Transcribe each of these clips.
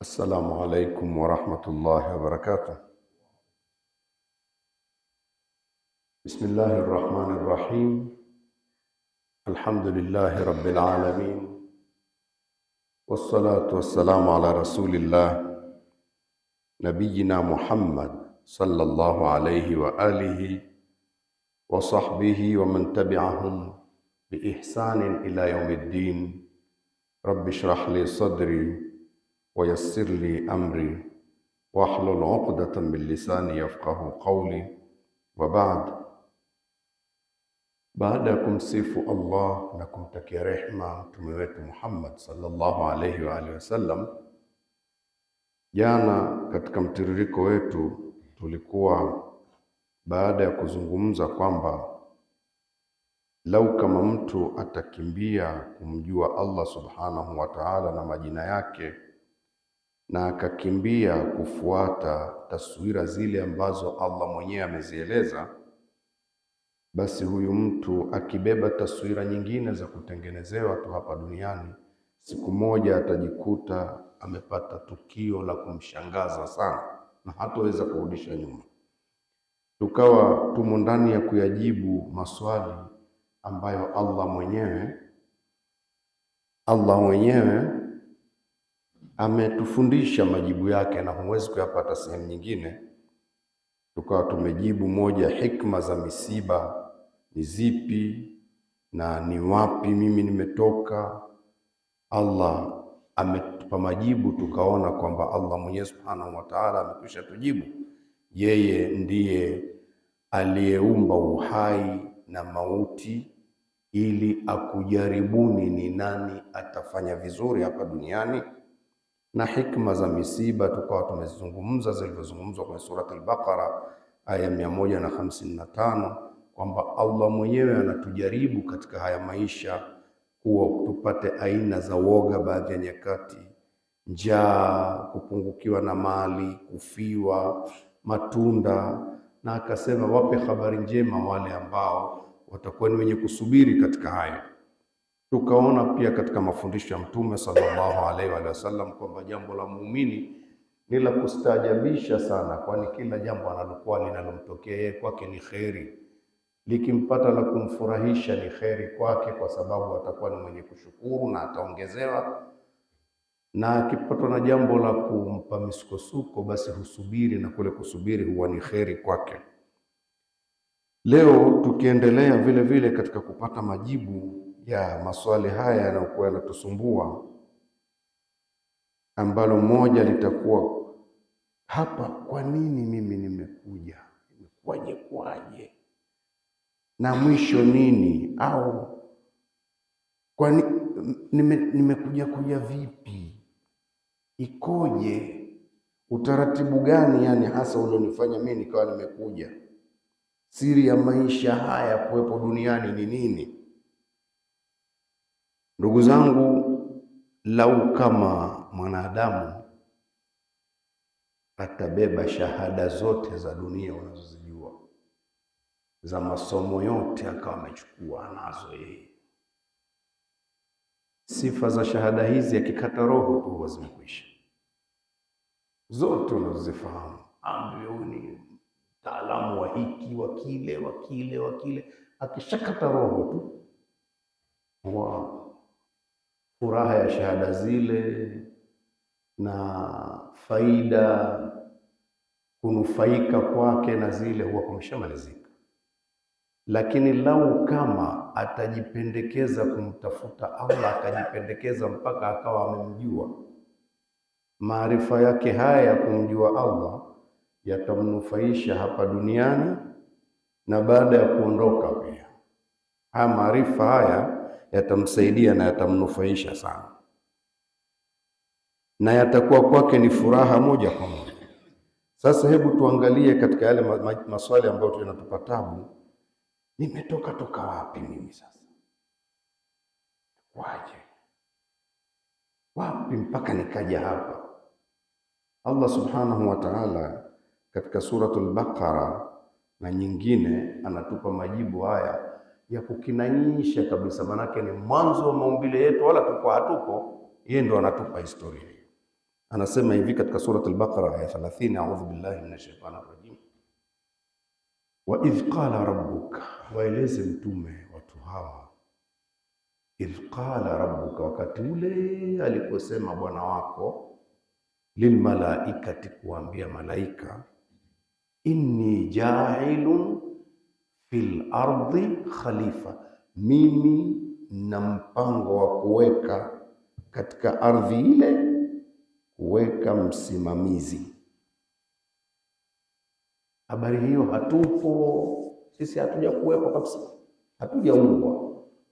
السلام عليكم ورحمة الله وبركاته. بسم الله الرحمن الرحيم. الحمد لله رب العالمين. والصلاة والسلام على رسول الله نبينا محمد صلى الله عليه وآله وصحبه ومن تبعهم بإحسان إلى يوم الدين. رب اشرح لي صدري ويسر لي أمري واحلل عقدة من لساني يفقه qauli wa بعد Baada ya kumsifu Allah na kumtakia rehma mtume wetu Muhammad sallallahu alaihi wa alihi wasallam, jana katika mtiririko wetu tulikuwa baada ya kuzungumza kwamba lau kama mtu atakimbia kumjua Allah subhanahu wa ta'ala na majina yake na akakimbia kufuata taswira zile ambazo Allah mwenyewe amezieleza, basi huyu mtu akibeba taswira nyingine za kutengenezewa tu hapa duniani, siku moja atajikuta amepata tukio la kumshangaza sana na hataweza kurudisha nyuma. Tukawa tumo ndani ya kuyajibu maswali ambayo Allah mwenyewe Allah mwenyewe ametufundisha majibu yake, na huwezi kuyapata sehemu nyingine. Tukawa tumejibu moja, hikma za misiba ni zipi na ni wapi mimi nimetoka. Allah ametupa majibu, tukaona kwamba Allah Mwenyezi Subhanahu wa Ta'ala amekwisha tujibu. Yeye ndiye aliyeumba uhai na mauti ili akujaribuni ni nani atafanya vizuri hapa duniani na hikma za misiba tukawa tumezizungumza zilizozungumzwa kwenye Surat al-Baqara aya tano kwamba Allah mwenyewe anatujaribu katika haya maisha kuwa tupate aina za woga baadhi ya nyakati, njaa, kupungukiwa na mali, kufiwa, matunda, na akasema wape habari njema wale ambao watakuwa ni wenye kusubiri katika hayo. Tukaona pia katika mafundisho ya Mtume sallallahu alaihi wa sallam kwamba jambo la muumini ni la kustaajabisha sana, kwani kila jambo analokuwa linalomtokea yeye kwake ni kheri, likimpata la kumfurahisha ni kheri kwake, kwa sababu atakuwa ni mwenye kushukuru na ataongezewa, na akipatwa na jambo la kumpa misukosuko, basi husubiri na kule kusubiri huwa ni kheri kwake. Leo tukiendelea vile vile katika kupata majibu ya maswali haya yanayokuwa yanatusumbua, ambalo moja litakuwa hapa, kwa nini mimi nimekuja, imekuwaje, kwaje, na mwisho nini, au kwa ni, nime, nimekuja kuja vipi, ikoje utaratibu gani yani hasa ulionifanya mimi nikawa nimekuja? Siri ya maisha haya kuwepo duniani ni nini? Ndugu zangu, lau kama mwanadamu atabeba shahada zote za dunia unazozijua za masomo yote, akawa amechukua nazo yeye, sifa za shahada hizi, akikata roho tu huwa zimekwisha zote unazozifahamu, ambioni mtaalamu wa hiki wa kile wa kile wa kile, akishakata roho tu wow furaha ya shahada zile na faida kunufaika kwake na zile huwa kumeshamalizika. Lakini lau kama atajipendekeza kumtafuta Allah, akajipendekeza mpaka akawa amemjua, maarifa yake haya ya kumjua Allah yatamnufaisha hapa duniani na baada ya kuondoka pia. Haya maarifa haya yatamsaidia na yatamnufaisha sana, na yatakuwa kwake ni furaha moja kwa moja. Sasa hebu tuangalie katika yale maswali ambayo tunatupa tabu, nimetoka toka wapi mimi sasa, waje wapi mpaka nikaja hapa? Allah subhanahu wa ta'ala katika suratul Baqara na nyingine anatupa majibu haya ya kukinanyisha kabisa, maanake ni mwanzo wa maumbile yetu, wala tuko hatuko, yeye ndo anatupa historia. Anasema hivi katika Surat al-Baqara aya 30, a'udhu billahi minashaitani rajim, wa idh qala rabbuka, waeleze mtume watu hawa, idh qala rabbuka, wakati ule aliposema bwana wako, lilmalaikati, kuambia malaika, inni ja'ilun fil ardhi khalifa, mimi na mpango wa kuweka katika ardhi ile kuweka msimamizi. Habari hiyo, hatupo sisi, hatuja kuwekwa kabisa, hatujaumbwa.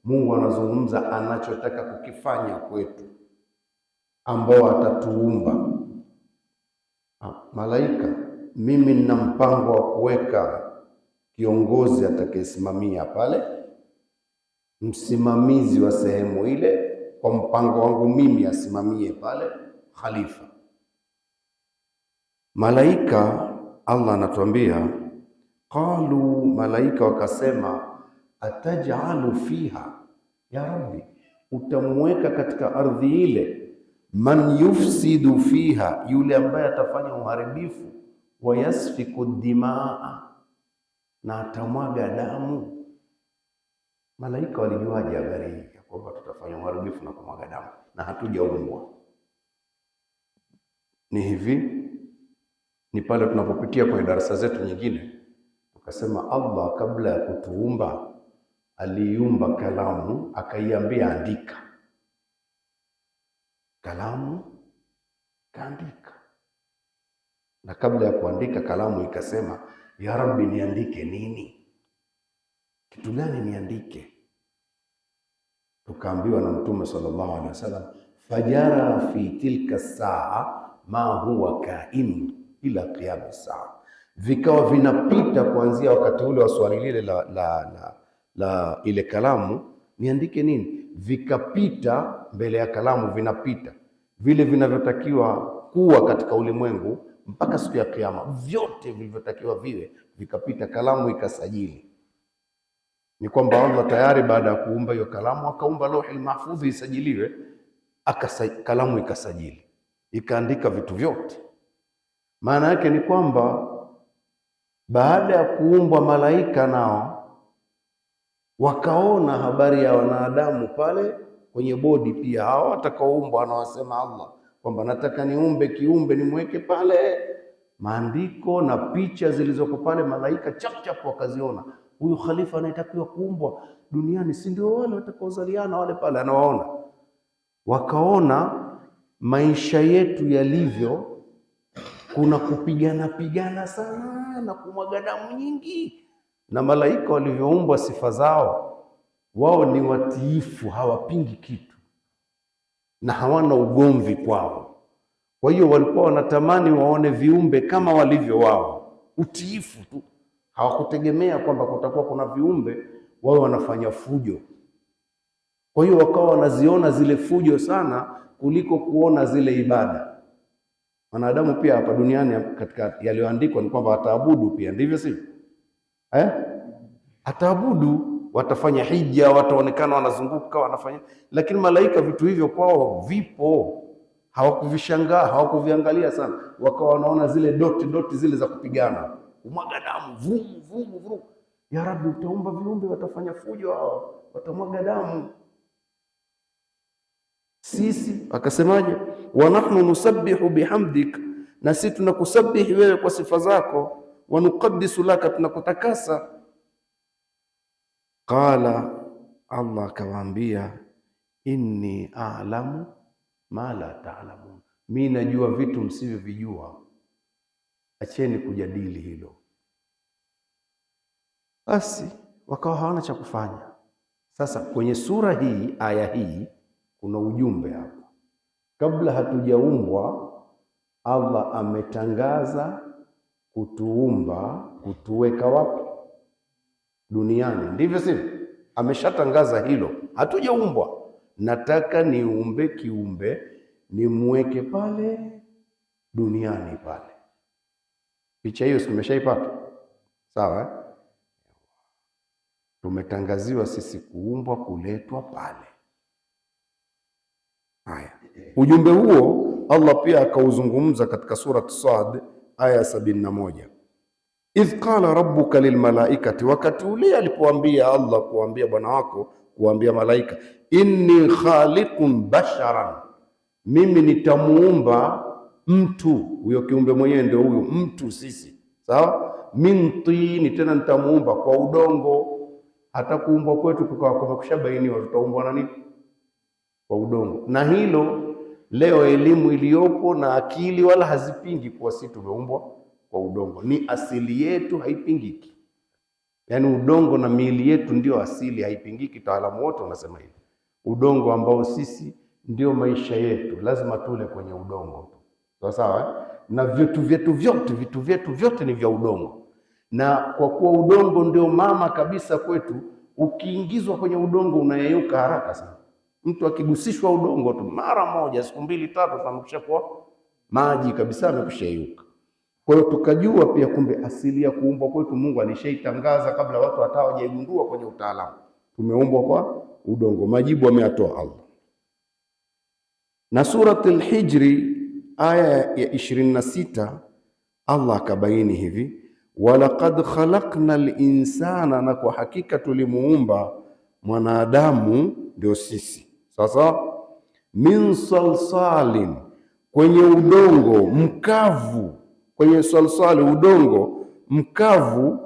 Mungu anazungumza anachotaka kukifanya kwetu, ambao atatuumba ah, malaika. Mimi nina mpango wa kuweka kiongozi atakayesimamia pale, msimamizi wa sehemu ile, kwa mpango wangu mimi asimamie pale khalifa. Malaika Allah anatuambia qalu, malaika wakasema, atajalu fiha ya rabbi, utamweka katika ardhi ile man yufsidu fiha, yule ambaye atafanya uharibifu, wayasfiku dimaa na atamwaga damu. Malaika walijuaje habari hii ya kwamba tutafanya uharibifu na kumwaga damu na hatujaumbwa? Ni hivi, ni pale tunapopitia kwenye darasa zetu nyingine tukasema, Allah kabla ya kutuumba aliumba kalamu, akaiambia andika. Kalamu kaandika, na kabla ya kuandika kalamu ikasema ya Rabbi, niandike nini? Kitu gani niandike? Tukaambiwa na Mtume sallallahu alaihi wasallam, fajara fi tilka saa ma huwa kainu ila qiyam saa, vikawa vinapita kuanzia wakati ule wa swali lile la, la, la, la ile kalamu niandike nini, vikapita mbele ya kalamu, vinapita vile vinavyotakiwa kuwa katika ulimwengu mpaka siku ya Kiyama, vyote vilivyotakiwa viwe vikapita, kalamu ikasajili. Ni kwamba Allah tayari baada ya kuumba hiyo kalamu akaumba Lauhul Mahfudhi isajiliwe, akasaj, kalamu ikasajili, ikaandika vitu vyote. Maana yake ni kwamba baada ya kuumbwa malaika nao wakaona habari ya wanadamu pale kwenye bodi, pia hao watakaoumbwa, anawasema Allah kwamba nataka niumbe kiumbe nimweke pale, maandiko na picha zilizoko pale, malaika chapchap wakaziona, huyu khalifa anayetakiwa kuumbwa duniani, si ndio wale watakaozaliana wale pale, anawaona wakaona maisha yetu yalivyo kuna kupigana pigana sana na kumwaga damu nyingi, na malaika walivyoumbwa sifa zao, wao ni watiifu, hawapingi kitu na hawana ugomvi kwao. Kwa hiyo walikuwa wanatamani waone viumbe kama walivyo wao, utiifu tu. Hawakutegemea kwamba kutakuwa kuna viumbe wao wanafanya fujo. Kwa hiyo wakawa wanaziona zile fujo sana kuliko kuona zile ibada. Wanadamu pia hapa duniani, katika yaliyoandikwa ni kwamba ataabudu pia, ndivyo sivyo? Eh, ataabudu watafanya hija, wataonekana wanazunguka, wanafanya. Lakini malaika vitu hivyo kwao vipo, hawakuvishangaa hawakuviangalia sana, wakawa wanaona zile doti doti zile za kupigana, umwaga damu, vumu vumu vumu. Ya Rabbi, utaumba viumbe watafanya fujo hao, watamwaga damu. Sisi akasemaje? wa nahnu nusabbihu bihamdik, na sisi tunakusabihi wewe kwa sifa zako, wanukadisu laka, tunakutakasa Qala, Allah akawaambia, inni a'lamu ma la ta'lamun, mi najua vitu msivyovijua. Acheni kujadili hilo. Basi wakawa hawana cha kufanya. Sasa kwenye sura hii, aya hii, kuna ujumbe hapa. Kabla hatujaumbwa, Allah ametangaza kutuumba, kutuweka wapi duniani, ndivyo sivyo? Ameshatangaza hilo, hatujaumbwa. Nataka niumbe kiumbe nimweke pale duniani pale. Picha hiyo simeshaipata, sawa eh? Tumetangaziwa sisi kuumbwa, kuletwa pale. Haya, ujumbe huo Allah pia akauzungumza katika surat Sad aya sabini na moja idh qala rabbuka lilmalaikati, wakati ule alipoambia Allah kuambia bwana wako kuambia malaika, inni khaliqun basharan, mimi nitamuumba mtu. Huyo kiumbe mwenyewe ndio huyu mtu, sisi sawa. Min tini, tena nitamuumba kwa udongo. Hata kuumbwa kwetu kukawa kumekushabainiwa, tutaumbwa na nini? Kwa udongo. Na hilo leo elimu iliyopo na akili wala hazipingi kuwa si tumeumbwa wa udongo. Ni asili yetu, haipingiki. Yaani udongo na miili yetu ndio asili, haipingiki. Taalamu wote wanasema hivi, udongo ambao sisi ndio maisha yetu, lazima tule kwenye udongo sawa sawa. Eh? Na vitu vyetu vyote, vitu vyetu vyote ni vya udongo, na kwa kuwa udongo ndio mama kabisa kwetu, ukiingizwa kwenye udongo unayeyuka haraka sana. Mtu akigusishwa udongo tu mara moja, siku mbili tatu, amekwisha kuwa maji kabisa, amekwisha yeyuka. Kwa hiyo tukajua pia kumbe asili ya kuumbwa kwetu Mungu alishaitangaza kabla watu hata hawajaigundua kwenye utaalamu. Tumeumbwa kwa udongo. Majibu ameyatoa Allah. Na al Hijri aya ya 26 Allah akabaini hivi, walaqad khalaqna linsana, na kwa hakika tulimuumba mwanadamu, ndio sisi sasa, min salsalin, kwenye udongo mkavu kwenye swalswali, udongo mkavu,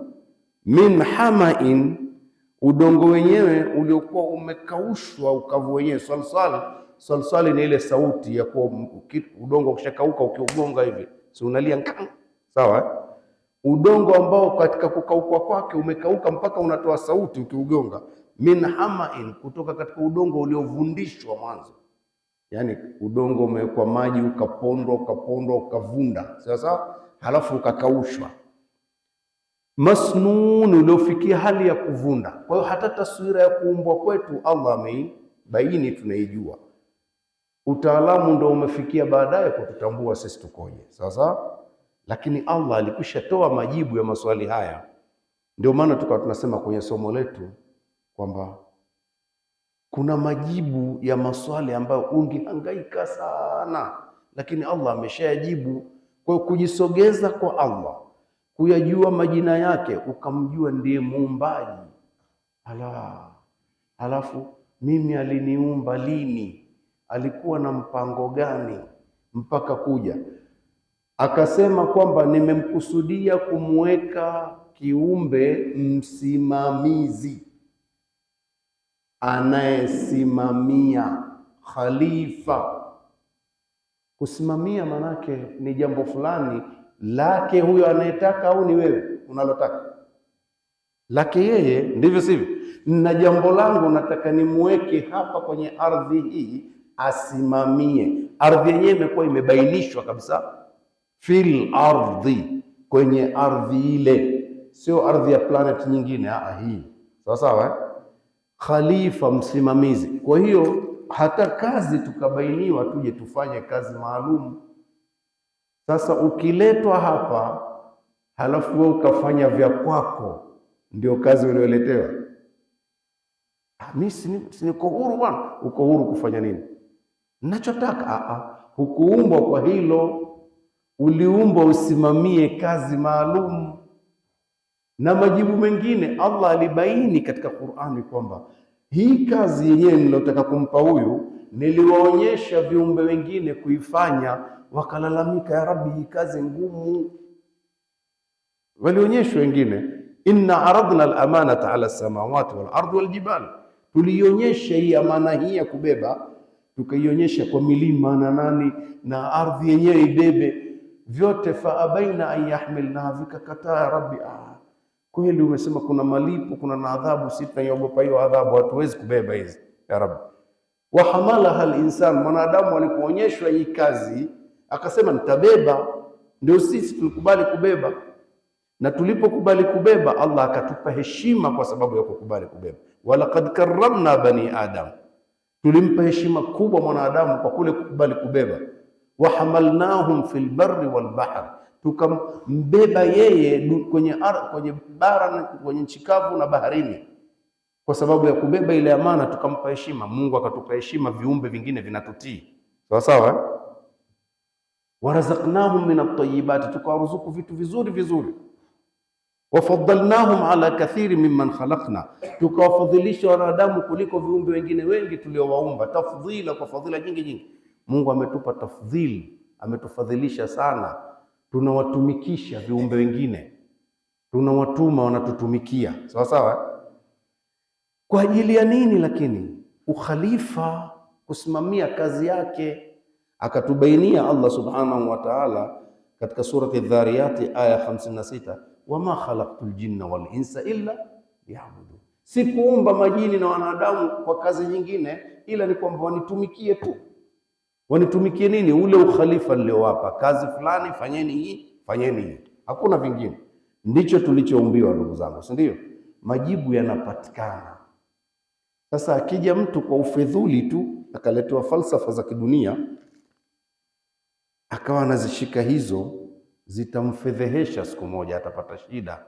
min hamain, udongo wenyewe uliokuwa umekaushwa, ukavu wenyewe. Swalswali, swalswali ni ile sauti ya kuwa udongo ukishakauka, ukiugonga hivi, si unalia nkang, sawa? Udongo ambao katika kukauka kwake umekauka mpaka unatoa sauti ukiugonga, min hamain, kutoka katika udongo uliovundishwa mwanzo yaani udongo umewekwa maji ukapondwa ukapondwa ukavunda, sawa sawa, halafu ukakaushwa, masnun, uliofikia hali ya kuvunda. Kwa hiyo hata taswira ya kuumbwa kwetu Allah ameibaini, tunaijua. Utaalamu ndo umefikia baadaye kututambua sisi tukoje, sawa sawa, lakini Allah toa majibu ya maswali haya. Ndio maana tukawa tunasema kwenye somo letu kwamba kuna majibu ya maswali ambayo ungehangaika sana, lakini Allah ameshayajibu. Kwa kujisogeza kwa Allah, kuyajua majina yake, ukamjua ndiye muumbaji. Ala, alafu mimi aliniumba lini? Alikuwa na mpango gani mpaka kuja akasema kwamba nimemkusudia kumweka kiumbe msimamizi anayesimamia khalifa. Kusimamia manake ni jambo fulani lake huyo anayetaka, au ni wewe unalotaka lake yeye, ndivyo sivyo? Na jambo langu nataka nimweke hapa kwenye ardhi hii asimamie. Ardhi yenyewe imekuwa imebainishwa kabisa, fil ardhi, kwenye ardhi ile, sio ardhi ya planet nyingine. Aa, hii sawa sawa eh? khalifa, msimamizi. Kwa hiyo hata kazi tukabainiwa tuje tufanye kazi maalum. Sasa ukiletwa hapa halafu wewe ukafanya vya kwako, ndio kazi ulioletewa. Ah, mi niko huru bwana. Uko huru kufanya nini nachotaka. Ah, ah, hukuumbwa kwa hilo, uliumbwa usimamie kazi maalum. Na majibu mengine Allah alibaini katika Qur'ani kwamba hii kazi yenyewe nilotaka kumpa huyu niliwaonyesha viumbe wengine kuifanya, wakalalamika, ya Rabbi, hii kazi ngumu. Walionyeshwa wengine, inna aradna al-amanata ala samawati wal ardi wal jibal, tuliionyesha hii amana hii ya kubeba, tukaionyesha kwa milima na nani na ardhi yenyewe ibebe vyote, fa abaina an yahmilnaha, vikakataa ya Rabbi ah kweli umesema kuna malipo, kuna na adhabu. Sisi tunaiogopa hiyo adhabu, hatuwezi kubeba hizi. Ya Rabbi, wa hamala hal insan mwanadamu alipoonyeshwa hii kazi akasema nitabeba. Ndio sisi tulikubali kubeba, na tulipokubali kubeba Allah akatupa heshima kwa sababu ya kukubali kubeba. Walaqad karramna bani adam, tulimpa heshima kubwa mwanadamu kwa kule kukubali kubeba. Wahamalnahum fil barri wal bahri tukambeba yeye kwenye ar, kwenye bara kwenye nchikavu na baharini, kwa sababu ya kubeba ile amana, tukampa heshima. Mungu akatupa heshima, viumbe vingine vinatutii sawa sawa. Eh? Warazaknahum min at-tayyibati, tukawaruzuku vitu vizuri vizuri. Wafaddalnahum ala kathiri mimman khalaqna, tukawafadhilisha wanadamu kuliko viumbe wengine wengi tuliowaumba. Tafdhila, kwa fadhila nyingi nyingi. Mungu ametupa tafdhili, ametufadhilisha sana tunawatumikisha viumbe wengine, tunawatuma wanatutumikia, sawa sawa. Kwa ajili ya nini? Lakini ukhalifa kusimamia kazi yake, akatubainia Allah subhanahu wa ta'ala katika surati Dhariyati aya 56, wama khalaqtul jinna wal insa illa liyabudu, sikuumba majini na wanadamu kwa kazi nyingine, ila ni kwamba wanitumikie tu wanitumikie nini? Ule ukhalifa niliowapa, kazi fulani fanyeni hii, fanyeni hii, hakuna vingine. Ndicho tulichoumbiwa ndugu zangu, si ndio? Majibu yanapatikana sasa. Akija mtu kwa ufedhuli tu akaletewa falsafa za kidunia akawa anazishika hizo, zitamfedhehesha siku moja, atapata shida.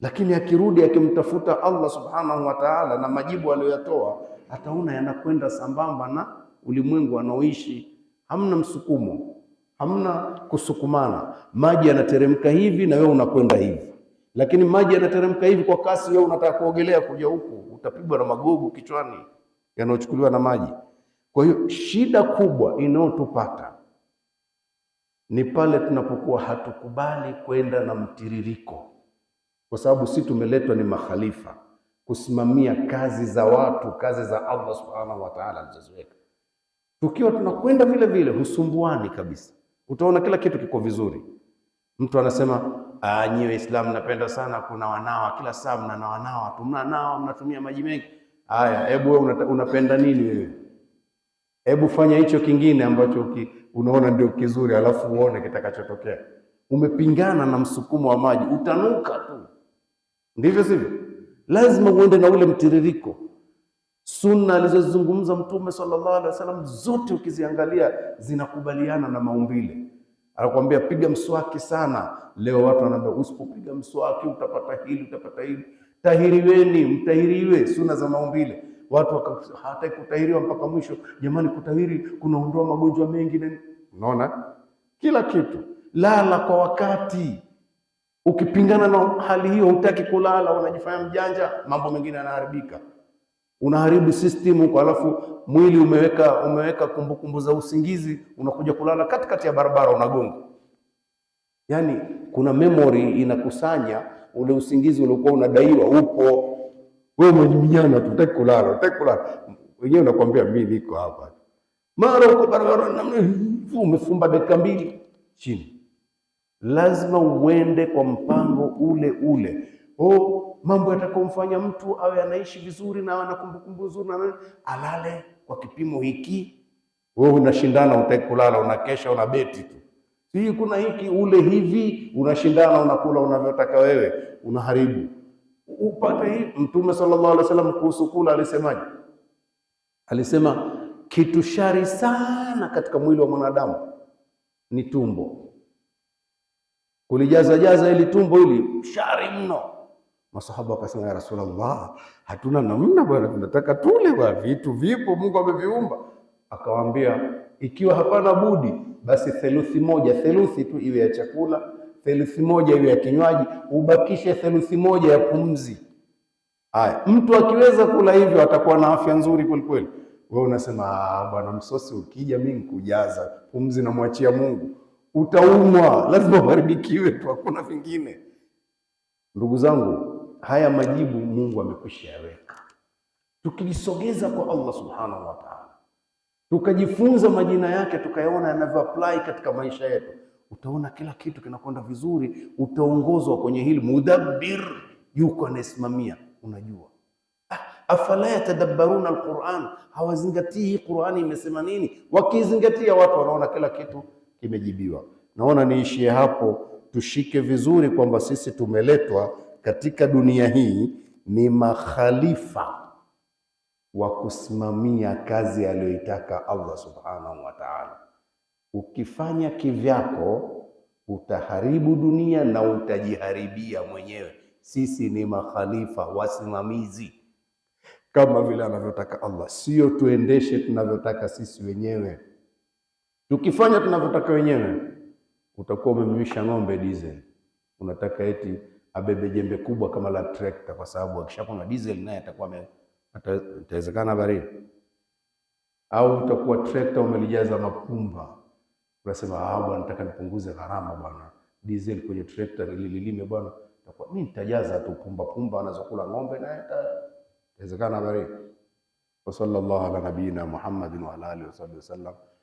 Lakini akirudi akimtafuta Allah subhanahu wa ta'ala na majibu aliyoyatoa, ataona yanakwenda sambamba na ulimwengu anaoishi, hamna msukumo, hamna kusukumana. Maji yanateremka hivi na wewe unakwenda hivi, lakini maji yanateremka hivi kwa kasi, wewe unataka kuogelea kuja huku, utapigwa na magogo kichwani yanayochukuliwa na maji. Kwa hiyo shida kubwa inayotupata ni pale tunapokuwa hatukubali kwenda na mtiririko, kwa sababu si tumeletwa ni makhalifa kusimamia kazi za watu, kazi za Allah subhanahu wa ta'ala alizoziweka. Tukiwa tunakwenda vile vile, husumbuani kabisa, utaona kila kitu kiko vizuri. Mtu anasema ah, nyie Waislamu napenda sana kuna wanawa kila saa, na wanawa tu, mnanawa mnatumia maji mengi. Haya, hebu wewe unapenda nini wewe? Hebu fanya hicho kingine ambacho unaona ndio kizuri, alafu uone kitakachotokea. Umepingana na msukumo wa maji, utanuka tu, ndivyo sivyo? Lazima uende na ule mtiririko Sunna alizozungumza Mtume sallallahu alaihi wasallam zote ukiziangalia zinakubaliana na maumbile. Anakuambia piga mswaki sana. Leo watu wanaambia usipopiga mswaki utapata hili, utapata hili. Tahiriweni, mtahiriwe, sunna za maumbile. Watu hawataki kutahiriwa mpaka mwisho. Jamani, kutahiri kunaondoa magonjwa mengi na unaona kila kitu. Lala kwa wakati. Ukipingana na hali hiyo, hutaki kulala, unajifanya mjanja, mambo mengine yanaharibika unaharibu system huko, alafu mwili umeweka umeweka kumbukumbu kumbu za usingizi, unakuja kulala katikati ya barabara unagonga. Yani kuna memory inakusanya ule usingizi uliokuwa unadaiwa upo wewe mwenye mjana tu, unataka kulala, unataka kulala, wenyewe unakwambia mimi niko hapa, mara uko barabara na umefumba dakika mbili chini. Lazima uende kwa mpango ule ule oh, mambo yatakomfanya mtu awe anaishi vizuri na ana kumbukumbu nzuri na alale kwa kipimo hiki. Wewe unashindana, utakulala unakesha, una beti tu, hii kuna hiki ule hivi, unashindana, unakula unavyotaka wewe, unaharibu upate hii. Mtume sallallahu alaihi wasallam kuhusu kula alisemaje? Alisema kitu shari sana katika mwili wa mwanadamu ni tumbo, kulijaza jaza ili tumbo ili shari mno Masahaba wakasema, ya Rasulullah, hatuna namna bwana, tunataka tule wa vitu vipo, Mungu ameviumba. Akawaambia, ikiwa hapana budi, basi theluthi moja, theluthi tu iwe ya chakula, theluthi moja iwe ya kinywaji, ubakishe theluthi moja ya pumzi. Haya, mtu akiweza kula hivyo atakuwa na afya nzuri kwelikweli. Wewe unasema ah, bwana, msosi ukija mimi nikujaza pumzi, namwachia Mungu, utaumwa, lazima ubarikiwe tu, hakuna vingine. Ndugu zangu haya majibu Mungu amekwisha yaweka. Tukilisogeza kwa Allah subhanahu wa ta'ala, tukajifunza majina yake, tukayaona yanavyo apply katika maisha yetu, utaona kila kitu kinakwenda vizuri. Utaongozwa kwenye hili, mudabbir yuko anayesimamia. Unajua, ah, afala yatadabbaruna alquran, hawazingatii hii Qurani imesema nini? Wakizingatia watu wanaona kila kitu kimejibiwa. Naona niishie hapo, tushike vizuri kwamba sisi tumeletwa katika dunia hii ni makhalifa wa kusimamia kazi aliyoitaka Allah subhanahu wa ta'ala. Ukifanya kivyako utaharibu dunia na utajiharibia mwenyewe. Sisi ni makhalifa wasimamizi, kama vile anavyotaka Allah, sio tuendeshe tunavyotaka sisi wenyewe. Tukifanya tunavyotaka wenyewe, utakuwa umemimisha ng'ombe diesel, unataka eti abebe jembe kubwa kama la trekta, kwa sababu akishakuwa na diesel naye atakuwa atawezekana baridi. Au utakuwa trekta umelijaza mapumba, unasema ah, bwana, nataka nipunguze gharama bwana, diesel kwenye trekta nililime bwana, itakuwa mimi nitajaza tu pumba pumba anazokula ng'ombe, naye atawezekana baridi. Wa sallallahu ala nabiyina Muhammadin wa ala alihi wasallam.